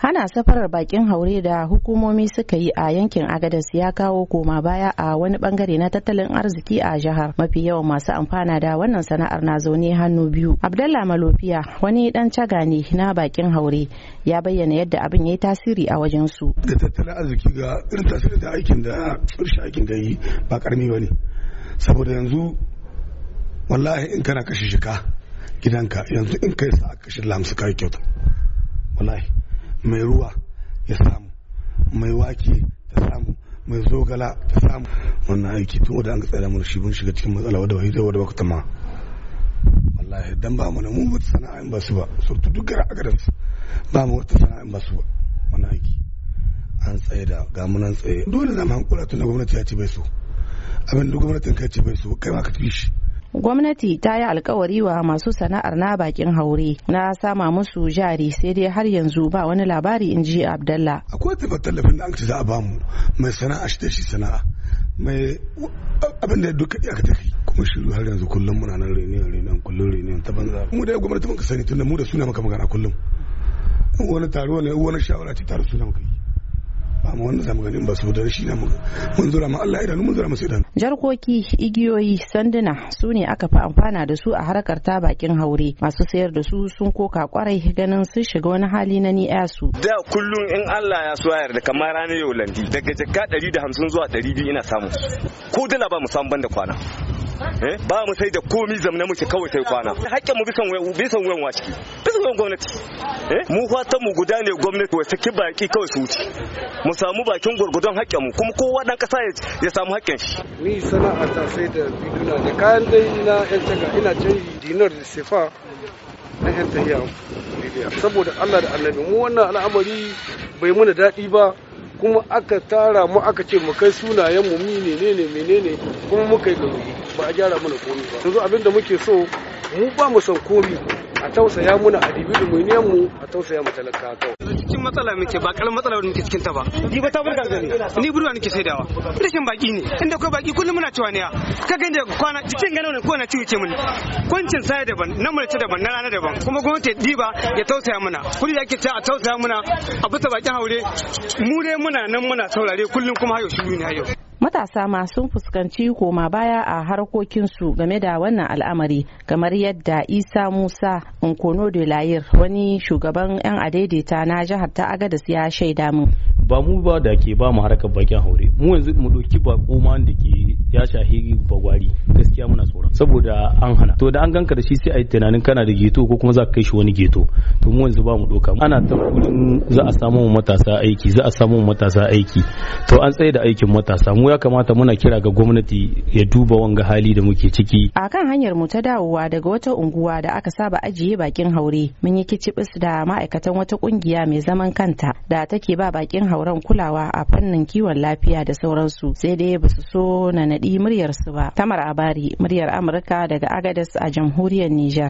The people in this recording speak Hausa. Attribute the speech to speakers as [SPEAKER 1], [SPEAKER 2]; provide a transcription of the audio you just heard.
[SPEAKER 1] hana safarar bakin haure da hukumomi suka yi a yankin agadas ya kawo koma baya a wani bangare na tattalin arziki a jihar mafi yawan masu amfana da wannan sana'ar na zaune hannu biyu abdallah malofiya wani dan caga ne na bakin haure ya bayyana yadda abin ya yi tasiri a wajen su da
[SPEAKER 2] tattalin arziki ga irin tasiri da aikin da rashin aikin da yi ba karmi bane saboda yanzu wallahi in kana kashe shika gidanka yanzu in kai sa kashe lamsu kai kyauta wallahi mai ruwa ya samu mai wake ta samu mai zogala ta samu wannan aiki tun wadda an ka tsada mana shi mun shiga cikin matsala wadda wani zai wadda baka tama wallahi dan ba mu na mu wata sana'a in ba su ba surtu duk gara su ba mu wata sana'a in ba su ba wannan aiki an tsaye da ga mu nan tsaye dole za mu hankula tun da gwamnati ya ce bai so abin da gwamnatin kai ce bai so kai ma ka ci shi
[SPEAKER 1] gwamnati ta yi alkawari wa masu sana'ar na bakin haure na sama musu jari sai dai har yanzu ba wani labari in ji abdallah akwai
[SPEAKER 2] tallafin da an ce za a bamu mai sana'a shi da shi sana'a mai abin da duka ya tafi kuma shi har yanzu kullum muna nan reniyan reniyan kullum reniyan ta banza mu da gwamnati muka sani tunda mu da suna maka magana kullum wani taro ne wani shawara ce tare suna maka amma wanda zamu gani ba su da shi na mun zura ma Allah idanu mun zura masu idanu
[SPEAKER 1] jarkoki igiyoyi sanduna su ne aka fi amfana da su a harkar ta bakin haure masu sayar da su sun koka kwarai ganin sun shiga wani hali na ni'a su da
[SPEAKER 3] kullum in Allah ya so yarda kamar ranar yau landi daga jakka 150 zuwa 200 ina samu ko dala ba mu samu banda kwana Eh? ba mu sai da komi zamna muke kawai sai kwana hakkin mu bisan wayan bisan wayan wa bisan wayan gwamnati eh? mu fata mu guda ne gwamnati wa saki baki kawai su wuce mu samu bakin gurgudon hakkin mu kuma kowa dan kasa ya samu hakkin shi
[SPEAKER 2] ni sana'a ta sai da biduna da kayan dai na yan taga ina canji dinar da sifa na yan tahiya saboda Allah da annabi mu wannan al'amari bai muna daɗi ba kuma aka tara mu aka ce mu kai sunayen mu mine ne ne menene kuma mu yi garuhi ba a gyara mana komi ba yanzu abin da muke so mu
[SPEAKER 3] ba mu san komi a tausaya muna a dibi mu a tausaya mu talaka kawai
[SPEAKER 4] cikin matsala muke ba karamin matsala muke cikin ta ba ni ba ta burga gani ni burwa nake saidawa rashin baki ne inda kai baki kullum muna cewa ne ka ga inda kwana cikin gano ne ko na ciwo ce mun kwancin sai daban na mulci daban na rana daban kuma gwamnati diba ya tausaya mana kullum yake ta a tausaya mana a bisa bakin haure mu dai muna nan muna saurare kullum kuma hayo shi ne hayo
[SPEAKER 1] matasa ma sun fuskanci koma baya a harkokinsu game da wannan al'amari kamar yadda isa musa nkono de layir wani shugaban 'yan adaidaita na jihar ta agadas ya shaida min
[SPEAKER 5] ba mu ba da ke ba mu harkar bakin haure mu yanzu mu doki ba koma da ke ya shahi bagwari gaskiya muna tsoron saboda an hana to da an ganka da shi sai a yi tunanin kana da geto ko kuma za ka kai shi wani geto to mu yanzu ba mu doka ana ta za a samu matasa aiki za a samu matasa aiki to an tsaye da aikin matasa mu ya kamata muna kira ga gwamnati ya duba wanga hali da muke ciki
[SPEAKER 1] a kan hanyar mu ta dawowa daga wata unguwa da aka saba ajiye bakin haure mun yi kicibis da ma'aikatan wata kungiya mai zaman kanta da take ba bakin haure sauran kulawa a fannin kiwon lafiya da sauransu sai dai ba su so na naɗi muryarsu ba tamar abari muryar amurka daga agadas a jamhuriyar nijar